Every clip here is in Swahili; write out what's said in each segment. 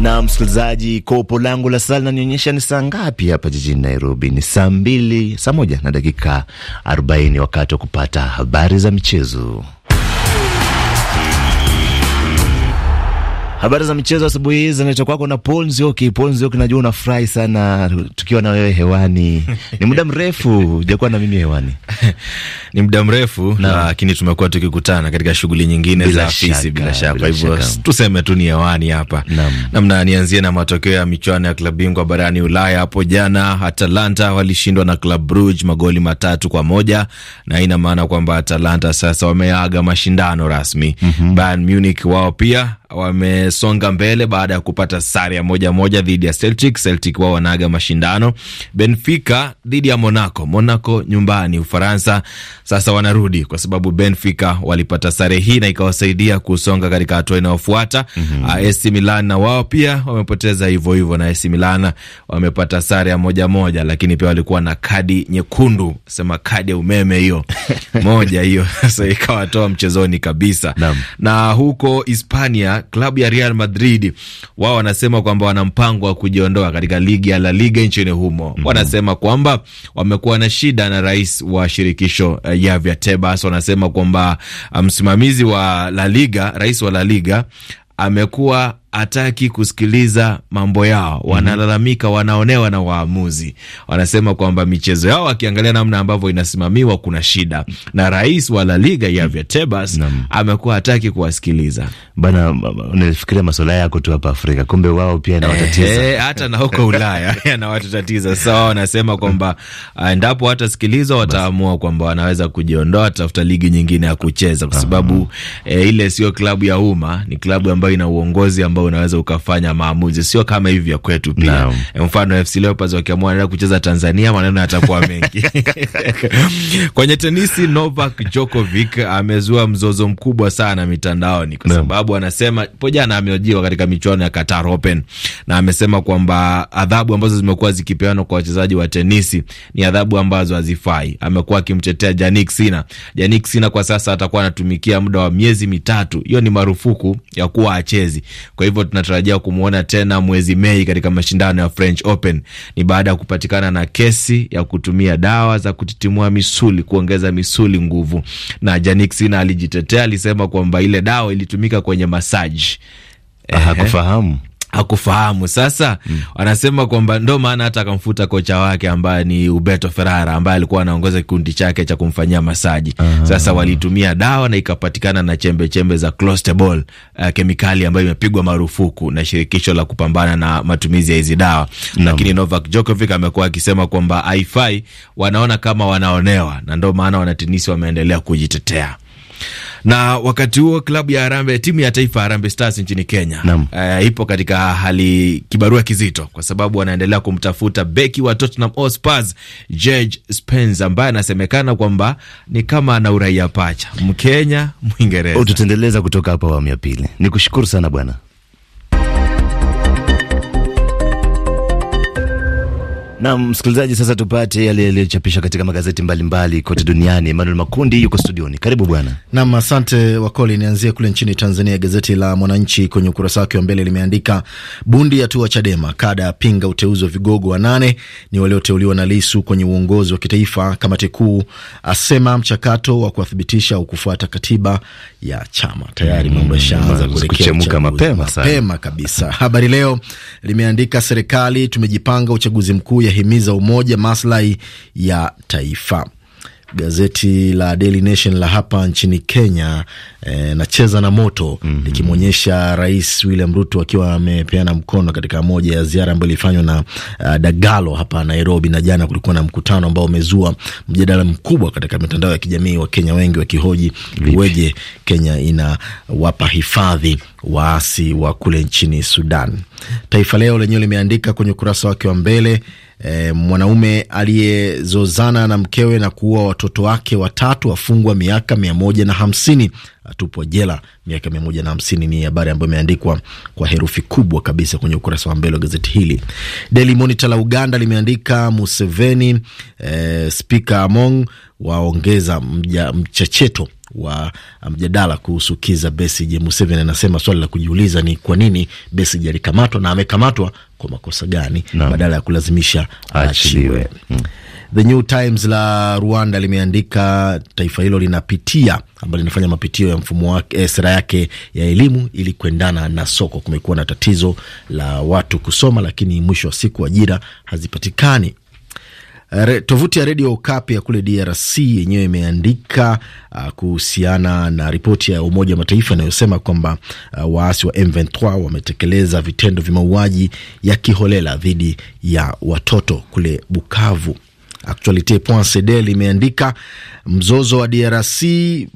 Na msikilizaji, kopo langu la saa linanionyesha ni saa ngapi hapa jijini Nairobi? Ni saa mbili, saa moja na dakika arobaini, wakati wa kupata habari za michezo. Habari za michezo asubuhi hii zinaletwa kwako na Paul Nzioki. Paul Nzioki, najua unafurahi sana tukiwa na wewe hewani. Ni muda mrefu hujakuwa na mimi hewani. Ni muda mrefu lakini tumekuwa tukikutana katika shughuli nyingine bila za afisi bila shaka. Kwa hivyo tuseme tu ni hewani hapa. Namna na nianzie na matokeo ya michuano ya klabu bingwa barani Ulaya hapo jana, Atalanta walishindwa na Club Brugge magoli matatu kwa moja na ina maana kwamba Atalanta sasa wameaga mashindano rasmi. Mm -hmm. Bayern Munich wao pia wamesonga mbele baada ya kupata sare ya moja moja dhidi ya Celtic. Celtic wao wanaaga mashindano. Benfica dhidi ya Monaco, Monaco nyumbani Ufaransa. Sasa wanarudi kwa sababu Benfica walipata sare hii na ikawasaidia kusonga katika hatua inayofuata. mm -hmm. AC ah, Milan na wao pia wamepoteza hivyo hivyo, na AC Milan wamepata sare ya moja moja, lakini pia walikuwa na kadi nyekundu, sema kadi ya umeme hiyo moja hiyo sasa ikawatoa mchezoni kabisa. Naam. na huko Hispania klabu ya Real Madrid wao wanasema kwamba wana mpango wa kujiondoa katika ligi ya La Liga nchini humo. Mm -hmm. Wanasema kwamba wamekuwa na shida na rais wa shirikisho uh, Javier Tebas. Wanasema kwamba ah, msimamizi um, wa La Liga, rais wa La Liga amekuwa hataki kusikiliza mambo yao, mhm. wanalalamika, wanaonewa na waamuzi. Wanasema kwamba michezo yao wakiangalia namna ambavyo inasimamiwa kuna shida, na rais wa La Liga Javier Tebas amekuwa hataki kuwasikiliza bana. Unafikiria masuala yako tu hapa Afrika, kumbe wao pia yanawatatiza eh, eh, hata na huko Ulaya yanawatatiza. Sawa, wanasema kwamba eh, endapo watasikilizwa wataamua kwamba wanaweza kujiondoa, tafuta ligi nyingine ya kucheza, kwa sababu e, ile sio klabu ya umma, ni klabu ambayo ina uongozi ambao ambao unaweza ukafanya maamuzi, sio kama hivi vya kwetu pia no. E, eh, mfano FC Leopards wakiamua wanaenda kucheza Tanzania, maneno yatakuwa mengi kwenye tenisi, Novak Djokovic amezua mzozo mkubwa sana mitandaoni kwa sababu no. anasema po jana ameojiwa katika michuano ya Qatar Open na amesema kwamba adhabu ambazo zimekuwa zikipeanwa kwa wachezaji wa tenisi ni adhabu ambazo hazifai. Amekuwa akimtetea Jannik Sinner. Jannik Sinner kwa sasa atakuwa anatumikia muda wa miezi mitatu, hiyo ni marufuku ya kuwa achezi kwa hivyo tunatarajia kumwona tena mwezi Mei katika mashindano ya French Open. Ni baada ya kupatikana na kesi ya kutumia dawa za kutitimua misuli kuongeza misuli nguvu, na Jannik Sinner alijitetea, alisema kwamba ile dawa ilitumika kwenye masaji. Hakufahamu hakufahamu sasa. Mm. Wanasema kwamba ndo maana hata akamfuta kocha wake ambaye ni Uberto Ferrara ambaye alikuwa anaongoza kikundi chake cha kumfanyia masaji. -huh. Ah. Sasa walitumia dawa na ikapatikana na chembe chembe za clostebol, uh, kemikali ambayo imepigwa marufuku na shirikisho la kupambana na matumizi ya hizi dawa. No. Lakini Novak Djokovic amekuwa akisema kwamba haifai, wanaona kama wanaonewa na ndo maana wanatenisi wameendelea kujitetea na wakati huo klabu ya Harambee, timu ya taifa Harambee Stars nchini Kenya uh, ipo katika hali kibarua kizito, kwa sababu wanaendelea kumtafuta beki wa Tottenham Hotspur George Spence ambaye anasemekana kwamba ni kama ana uraia pacha, Mkenya Mwingereza. kutoka hapa awamu ya pili. Nikushukuru sana bwana. Na msikilizaji, sasa tupate yale yaliyochapishwa katika magazeti mbalimbali kote duniani. Emmanuel Makundi yuko studioni, karibu bwana. Nam, asante Wakoli. Nianzie kule nchini Tanzania. Gazeti la Mwananchi kwenye ukurasa wake wa mbele limeandika bundi hatua Chadema, kada yapinga uteuzi wa vigogo wanane ni walioteuliwa na Lisu kwenye uongozi wa kitaifa. Kamati kuu asema mchakato wa kuwathibitisha au kufuata katiba ya chama tayari, mm, mambo yashaanza mm, kuchemka mapema kabisa. Habari Leo limeandika serikali tumejipanga uchaguzi mkuu yahimiza umoja maslahi ya taifa. Gazeti la Daily Nation la hapa nchini Kenya e, nacheza na moto mm -hmm. likimwonyesha Rais William Ruto akiwa amepeana mkono katika moja ya ziara ambayo ilifanywa na uh, Dagalo hapa Nairobi, na jana kulikuwa na mkutano ambao umezua mjadala mkubwa katika mitandao ya kijamii, wa Kenya wengi wakihoji uweje Kenya inawapa hifadhi waasi wa kule nchini Sudan. Taifa Leo lenyewe limeandika kwenye ukurasa wake wa mbele E, mwanaume aliyezozana na mkewe na kuua watoto wake watatu afungwa miaka mia moja na hamsini atupwa jela miaka mia moja na hamsini ni habari ambayo imeandikwa kwa herufi kubwa kabisa kwenye ukurasa wa mbele wa gazeti hili. Daily Monitor la Uganda limeandika Museveni, e, spika Among waongeza mchecheto wa uh, mjadala kuhusu Kiza Besije, Museveni anasema swali la kujiuliza ni kwa nini Besije alikamatwa na amekamatwa kwa makosa gani, no. badala ya kulazimisha achiwe mm. The New Times la Rwanda limeandika taifa hilo linapitia ambalo linafanya mapitio ya mfumo wake, eh, sera yake ya elimu ili kuendana na soko. Kumekuwa na tatizo la watu kusoma, lakini mwisho wa siku ajira hazipatikani Eh, re, tovuti ya redio Okapi ya kule DRC yenyewe imeandika uh, kuhusiana na ripoti ya Umoja wa Mataifa inayosema kwamba uh, waasi wa M23 wametekeleza vitendo vya mauaji ya kiholela dhidi ya watoto kule Bukavu. Actualite.cd limeandika mzozo wa DRC, mm,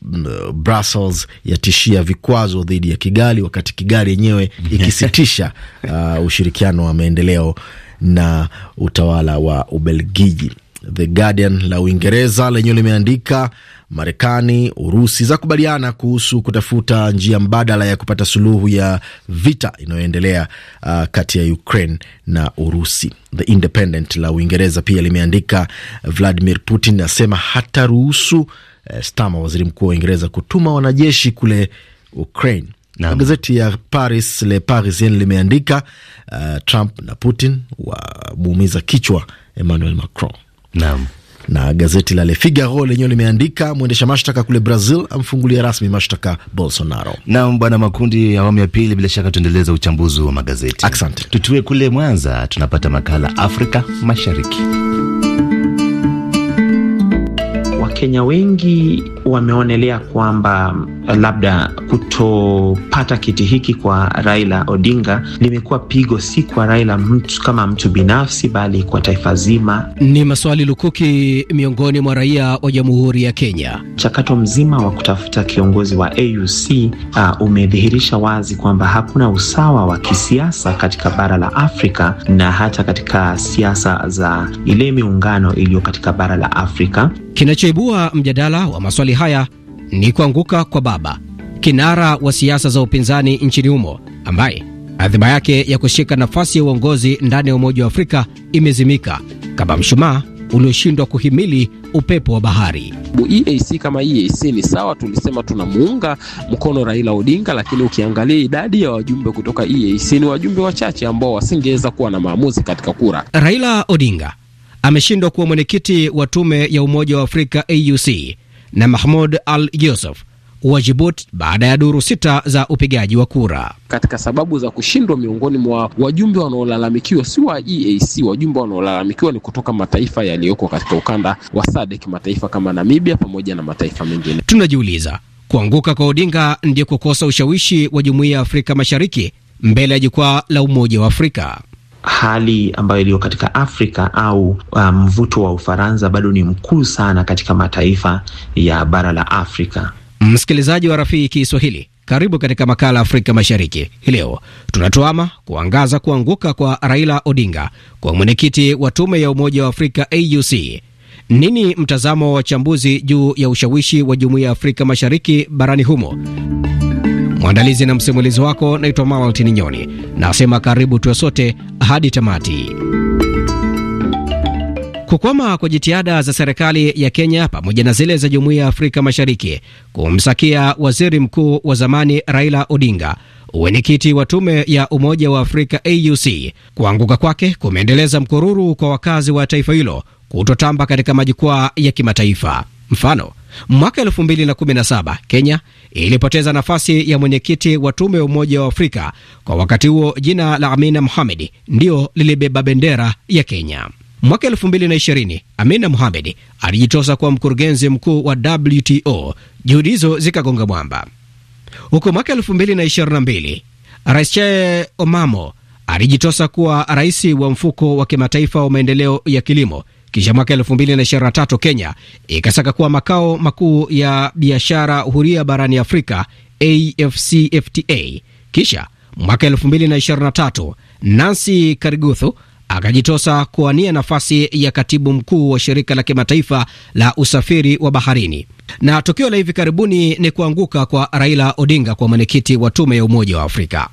Brussels yatishia vikwazo dhidi ya Kigali, wakati Kigali yenyewe ikisitisha uh, ushirikiano wa maendeleo na utawala wa Ubelgiji. The Guardian la Uingereza lenyewe limeandika Marekani, Urusi zakubaliana kuhusu kutafuta njia mbadala ya kupata suluhu ya vita inayoendelea uh, kati ya Ukraine na Urusi. The Independent la Uingereza pia limeandika Vladimir Putin asema hataruhusu uh, eh, Stama, waziri mkuu wa Uingereza, kutuma wanajeshi kule Ukraine. Na gazeti ya Paris Le Parisien limeandika uh, Trump na Putin wamuumiza kichwa Emmanuel Macron. Naam. Na gazeti la Le Figaro lenyewe limeandika mwendesha mashtaka kule Brazil amfungulia rasmi mashtaka Bolsonaro. Naam, bwana Makundi, awamu ya pili, bila shaka tuendeleza uchambuzi wa magazeti. Asante. Tutue kule Mwanza, tunapata makala Afrika Mashariki. Wakenya wengi wameonelea kwamba eh, labda kutopata kiti hiki kwa Raila Odinga limekuwa pigo, si kwa Raila mtu kama mtu binafsi, bali kwa taifa zima. Ni maswali lukuki miongoni mwa raia wa Jamhuri ya Kenya. Mchakato mzima wa kutafuta kiongozi wa AUC uh, ah, umedhihirisha wazi kwamba hakuna usawa wa kisiasa katika bara la Afrika na hata katika siasa za ile miungano iliyo katika bara la Afrika. Kinachoibua mjadala wa maswali haya ni kuanguka kwa baba kinara wa siasa za upinzani nchini humo ambaye adhima yake ya kushika nafasi ya uongozi ndani ya Umoja wa Afrika imezimika kama mshumaa ulioshindwa kuhimili upepo wa bahari. EAC kama EAC ni sawa, tulisema tunamuunga mkono Raila Odinga, lakini ukiangalia idadi ya wajumbe kutoka EAC ni wajumbe wachache ambao wasingeweza kuwa na maamuzi katika kura. Raila Odinga ameshindwa kuwa mwenyekiti wa tume ya Umoja wa Afrika AUC na Mahmud Al Yusuf wa jibut baada ya duru sita za upigaji wa kura. Katika sababu za kushindwa, miongoni mwa wajumbe wanaolalamikiwa si wa EAC. Wajumbe wanaolalamikiwa ni kutoka mataifa yaliyoko katika ukanda wa SADC, mataifa kama Namibia pamoja na mataifa mengine. Tunajiuliza, kuanguka kwa Odinga ndio kukosa ushawishi wa Jumuiya ya Afrika Mashariki mbele ya jukwaa la Umoja wa Afrika hali ambayo iliyo katika Afrika au um, mvuto um, wa Ufaransa bado ni mkuu sana katika mataifa ya bara la Afrika. Msikilizaji wa Rafiki Kiswahili, karibu katika makala Afrika Mashariki. Hii leo tunatuama kuangaza kuanguka kwa Raila Odinga kwa mwenyekiti wa tume ya Umoja wa Afrika AUC. Nini mtazamo wa wachambuzi juu ya ushawishi wa Jumuiya ya Afrika Mashariki barani humo? Mwandalizi na msimulizi wako naitwa Mamaltini Nyoni, nasema karibu tuwe sote hadi tamati. Kukwama kwa jitihada za serikali ya Kenya pamoja na zile za jumuiya ya Afrika Mashariki kumsakia waziri mkuu wa zamani Raila Odinga uwenyekiti wa tume ya Umoja wa Afrika AUC kuanguka kwake kumeendeleza mkururu kwa wakazi wa taifa hilo kutotamba katika majukwaa ya kimataifa. Mfano, Mwaka 2017 Kenya ilipoteza nafasi ya mwenyekiti wa tume ya Umoja wa Afrika. Kwa wakati huo jina la Amina Mohamed ndiyo lilibeba bendera ya Kenya. Mwaka 2020 Amina Mohamed alijitosa kuwa mkurugenzi mkuu wa WTO. Juhudi hizo zikagonga mwamba, huku mwaka 2022 Rais Chee Omamo alijitosa kuwa rais wa mfuko wa kimataifa wa maendeleo ya kilimo kisha mwaka tatu Kenya ikasaka kuwa makao makuu ya biashara huria barani Afrika AfCFTA. Kisha mwaka tatu Nancy Kariguthu akajitosa kuwania nafasi ya katibu mkuu wa shirika la kimataifa la usafiri wa baharini. Na tukio la hivi karibuni ni kuanguka kwa Raila Odinga kwa mwenyekiti wa tume ya Umoja wa Afrika.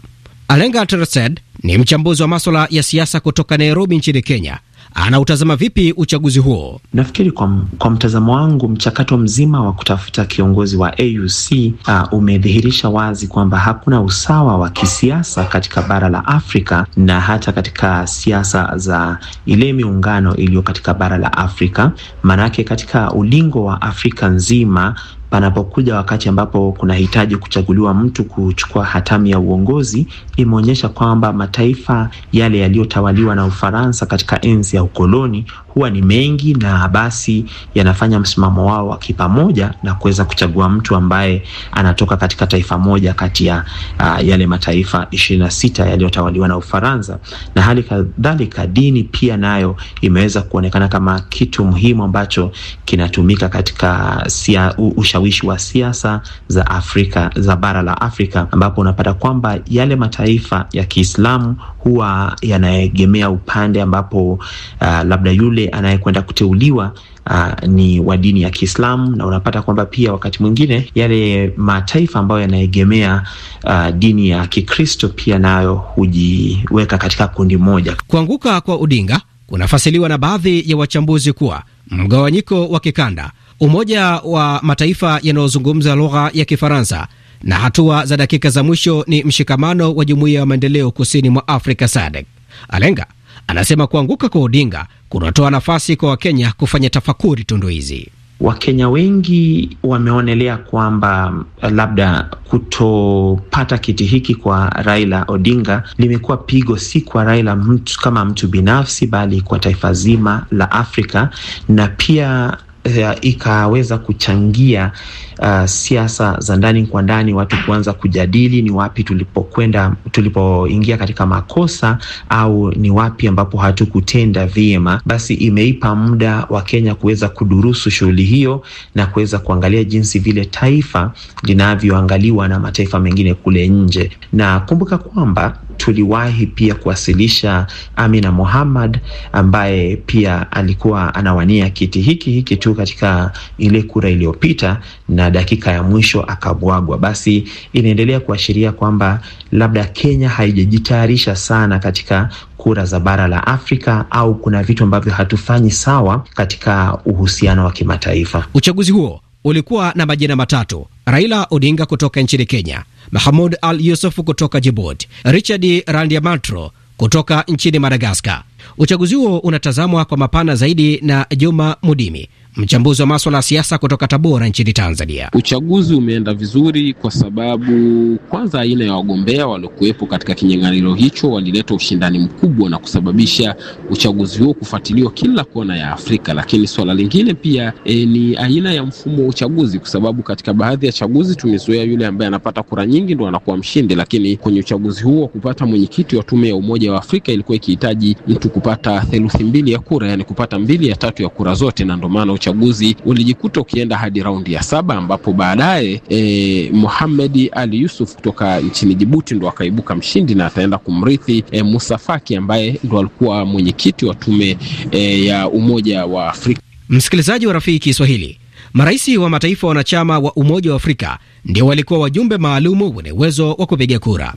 Alenga Tersed ni mchambuzi wa maswala ya siasa kutoka Nairobi nchini Kenya anautazama vipi uchaguzi huo? Nafikiri kwa, kwa mtazamo wangu mchakato mzima wa kutafuta kiongozi wa AUC uh, umedhihirisha wazi kwamba hakuna usawa wa kisiasa katika bara la Afrika na hata katika siasa za ile miungano iliyo katika bara la Afrika. Maanake katika ulingo wa Afrika nzima panapokuja wakati ambapo kunahitaji kuchaguliwa mtu kuchukua hatamu ya uongozi, imeonyesha kwamba mataifa yale yaliyotawaliwa na Ufaransa katika enzi ya ukoloni huwa ni mengi, na basi yanafanya msimamo wao wa kipamoja na kuweza kuchagua mtu ambaye anatoka katika taifa moja kati ya uh, yale mataifa ishirini na sita yaliyotawaliwa na Ufaransa. Na hali kadhalika dini pia nayo imeweza kuonekana kama kitu muhimu ambacho kinatumika katika sia, ushawishi wa siasa za Afrika za bara la Afrika, ambapo unapata kwamba yale mataifa ya Kiislamu huwa yanaegemea upande ambapo uh, labda yule yule anayekwenda kuteuliwa Uh, ni wa dini ya Kiislamu na unapata kwamba pia wakati mwingine yale mataifa ambayo yanaegemea uh, dini ya Kikristo pia nayo hujiweka katika kundi moja. Kuanguka kwa Odinga kunafasiliwa na baadhi ya wachambuzi kuwa mgawanyiko wa kikanda, Umoja wa Mataifa yanayozungumza lugha ya Kifaransa na hatua za dakika za mwisho ni mshikamano wa Jumuiya ya Maendeleo Kusini mwa Afrika SADC. Alenga anasema kuanguka kwa Odinga kunatoa nafasi kwa Wakenya kufanya tafakuri tundu hizi. Wakenya wengi wameonelea kwamba eh, labda kutopata kiti hiki kwa Raila Odinga limekuwa pigo si kwa Raila mtu, kama mtu binafsi bali kwa taifa zima la Afrika na pia Eh, ikaweza kuchangia uh, siasa za ndani kwa ndani, watu kuanza kujadili ni wapi tulipokwenda, tulipoingia katika makosa au ni wapi ambapo hatukutenda vyema. Basi imeipa muda wa Kenya kuweza kudurusu shughuli hiyo na kuweza kuangalia jinsi vile taifa linavyoangaliwa na mataifa mengine kule nje, na kumbuka kwamba tuliwahi pia kuwasilisha Amina Mohammad ambaye pia alikuwa anawania kiti hiki hiki tu katika ile kura iliyopita, na dakika ya mwisho akabwagwa. Basi inaendelea kuashiria kwamba labda Kenya haijajitayarisha sana katika kura za bara la Afrika au kuna vitu ambavyo hatufanyi sawa katika uhusiano wa kimataifa. Uchaguzi huo ulikuwa na majina matatu: Raila Odinga kutoka nchini Kenya, Mahamud Al Yusuf kutoka jibut Richard Randiamatro kutoka nchini Madagaskar. Uchaguzi huo unatazamwa kwa mapana zaidi na Juma Mudimi, mchambuzi wa maswala ya siasa kutoka Tabora nchini Tanzania. Uchaguzi umeenda vizuri kwa sababu kwanza, aina ya wagombea waliokuwepo katika kinyang'anyiro hicho walileta ushindani mkubwa na kusababisha uchaguzi huo kufuatiliwa kila kona ya Afrika. Lakini swala lingine pia e, ni aina ya mfumo wa uchaguzi, kwa sababu katika baadhi ya chaguzi tumezoea yule ambaye anapata kura nyingi ndo anakuwa mshindi, lakini kwenye uchaguzi huo wa kupata mwenyekiti wa tume ya Umoja wa Afrika ilikuwa ikihitaji mtu kupata theluthi mbili ya kura, yani kupata mbili ya tatu ya kura zote, na ndo maana uchaguzi ulijikuta ukienda hadi raundi ya saba ambapo baadaye e, Mohamed Ali Yusuf kutoka nchini Jibuti ndo akaibuka mshindi na ataenda kumrithi e, Musa Faki ambaye ndo alikuwa mwenyekiti wa tume e, ya Umoja wa Afrika. Msikilizaji wa Rafiki Kiswahili, marais wa mataifa wanachama wa Umoja wa Afrika ndio walikuwa wajumbe maalumu wenye uwezo wa kupiga kura.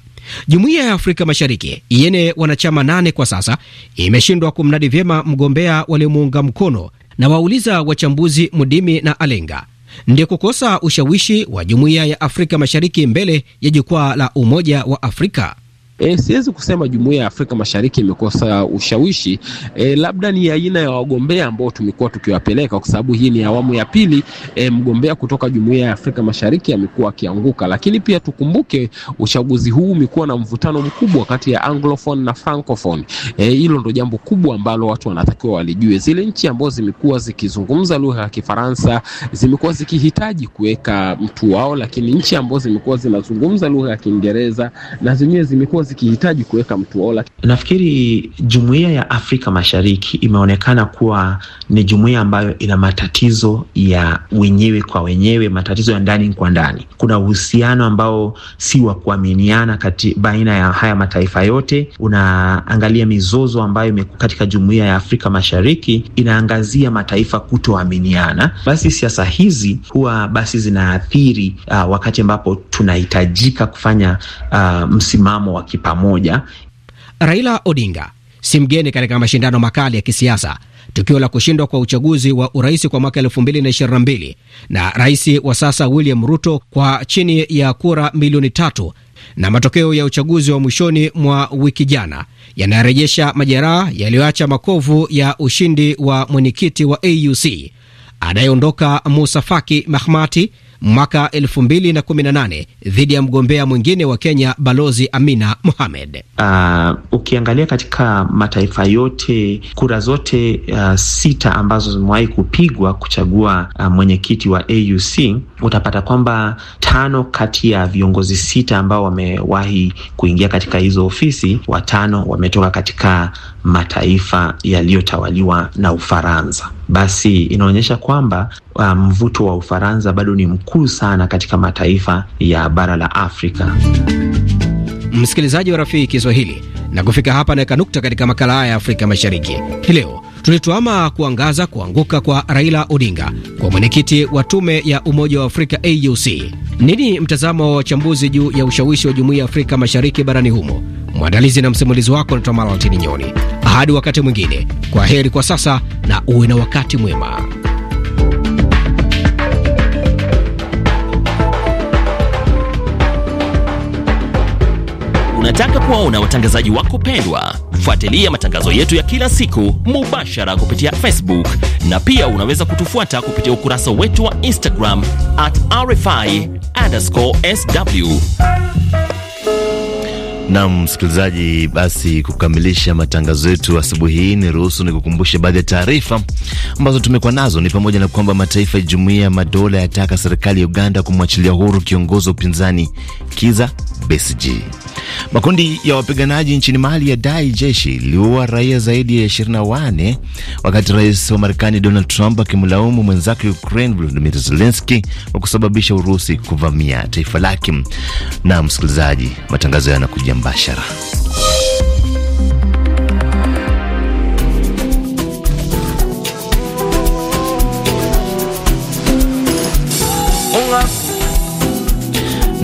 Jumuiya ya Afrika Mashariki yenye wanachama nane kwa sasa imeshindwa kumnadi vyema mgombea waliomuunga mkono na wauliza wachambuzi Mudimi na Alenga, ndio kukosa ushawishi wa jumuiya ya Afrika Mashariki mbele ya jukwaa la Umoja wa Afrika? E, siwezi kusema jumuiya ya Afrika Mashariki imekosa ushawishi. E, labda ni aina ya wagombea ambao tumekuwa tukiwapeleka, kwa sababu hii ni awamu ya pili e, mgombea kutoka jumuiya ya Afrika Mashariki amekuwa akianguka. Lakini pia tukumbuke uchaguzi huu umekuwa na mvutano mkubwa kati ya anglophone na francophone. Hilo ndo jambo kubwa ambalo watu wanatakiwa walijue. Zile nchi ambazo zimekuwa zikizungumza lugha ya Kifaransa zimekuwa zikihitaji kuweka mtu wao, lakini nchi ambazo zimekuwa zinazungumza lugha ya Kiingereza na zenyewe zimekuwa zikihitaji kuweka mtuola. Nafikiri jumuiya ya Afrika Mashariki imeonekana kuwa ni jumuiya ambayo ina matatizo ya wenyewe kwa wenyewe, matatizo ya ndani kwa ndani. Kuna uhusiano ambao si wa kuaminiana kati baina ya haya mataifa yote. Unaangalia mizozo ambayo imekuwa katika jumuiya ya Afrika Mashariki, inaangazia mataifa kutoaminiana. Basi siasa hizi huwa basi zinaathiri uh, wakati ambapo tunahitajika kufanya uh, msimamo wa wamebaki pamoja. Raila Odinga si mgeni katika mashindano makali ya kisiasa. Tukio la kushindwa kwa uchaguzi wa urais kwa mwaka mbili na rais wa sasa William Ruto kwa chini ya kura milioni tatu na matokeo ya uchaguzi wa mwishoni mwa wiki jana yanarejesha majeraha yaliyoacha makovu ya ushindi wa mwenyekiti wa AUC anayeondoka Musa Faki Mahmati mwaka 2018 dhidi ya mgombea mwingine wa Kenya Balozi Amina Mohamed. Uh, ukiangalia katika mataifa yote kura zote uh, sita ambazo zimewahi kupigwa kuchagua uh, mwenyekiti wa AUC utapata kwamba tano kati ya viongozi sita ambao wamewahi kuingia katika hizo ofisi watano wametoka katika mataifa yaliyotawaliwa na Ufaransa. Basi inaonyesha kwamba uh, mvuto um, wa Ufaransa bado ni mkuu sana katika mataifa ya bara la Afrika. Msikilizaji wa rafiki Kiswahili, na kufika hapa naweka nukta katika makala haya ya Afrika Mashariki hii leo. Tulituama kuangaza kuanguka kwa Raila Odinga kwa mwenyekiti wa tume ya Umoja wa Afrika AUC. Nini mtazamo wa wachambuzi juu ya ushawishi wa Jumuiya ya Afrika Mashariki barani humo? Mwandalizi na msimulizi wako naitwa Malatini Nyoni. Hadi wakati mwingine, kwa heri kwa sasa na uwe na wakati mwema. Unataka kuwaona watangazaji wako pendwa? Fuatilia matangazo yetu ya kila siku mubashara kupitia Facebook na pia unaweza kutufuata kupitia ukurasa wetu wa Instagram at rfi sw Nam msikilizaji, basi kukamilisha matangazo yetu asubuhi hii, ni ruhusu ni kukumbusha baadhi ya taarifa ambazo tumekuwa nazo, ni pamoja na kwamba mataifa ya jumuia ya madola yataka serikali ya Uganda kumwachilia huru kiongozi wa upinzani Kiza Besigye. Makundi ya wapiganaji nchini Mali yadai jeshi liua raia zaidi ya wane wakati rais wa Marekani Donald Trump akimlaumu mwenzake Ukraine Volodymyr Zelensky kwa kusababisha Urusi kuvamia taifa lake. Na msikilizaji, matangazo yanakuja mbashara.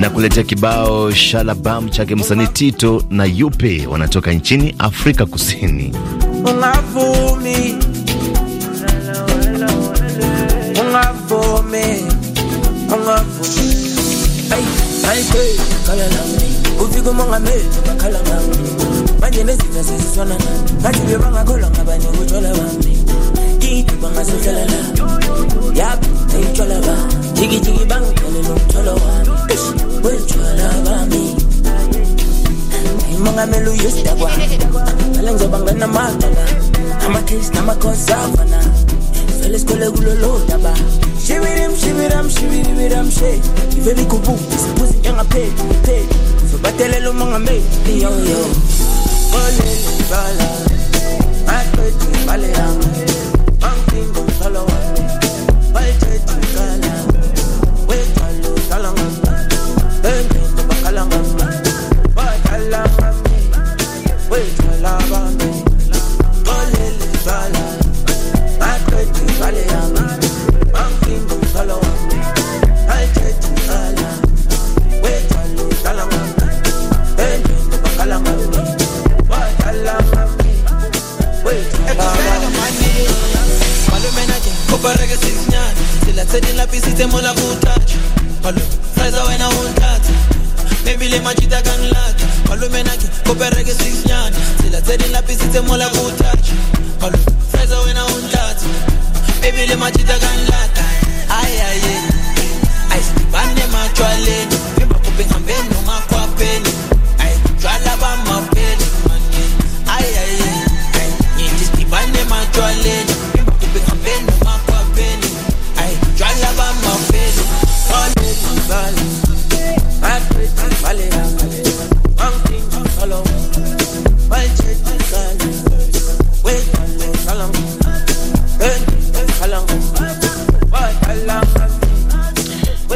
na kuletea kibao shalabam chake msanii Tito na Yupe, wanatoka nchini Afrika Kusini. Ay, ay, uvigo monga mami, kola G, mama say chalala. Yap, they chalaba. Jiggy jiggy bang, kale no chalawa. Ish, we chalaba me. Mga melu yes dagwa. Alanzo banga na matala. Ama kiss na makosa fana. Felis kole gulolo daba. Shibirim, shibiram, shibiribiram, she. Ivebi kubu, this pussy yanga pay, pay. Batelelo mga me, yo yo. Kolele bala, my pretty balea. te mola good touch.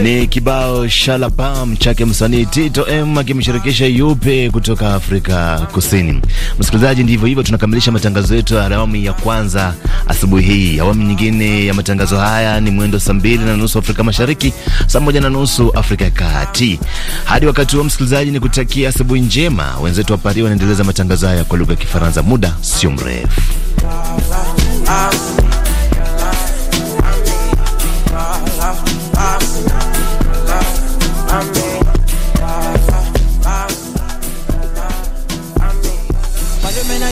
ni kibao shalabam chake msanii Tito M akimshirikisha Yupe kutoka Afrika Kusini. Msikilizaji, ndivyo hivyo tunakamilisha matangazo yetu ya awamu ya kwanza asubuhi hii. Awamu nyingine ya matangazo haya ni mwendo saa mbili na nusu Afrika Mashariki, saa moja na nusu Afrika ya Kati. Hadi wakati huo, msikilizaji, ni kutakia asubuhi njema. Wenzetu wa Paris wanaendeleza matangazo haya kwa lugha ya Kifaransa muda sio mrefu. Peace.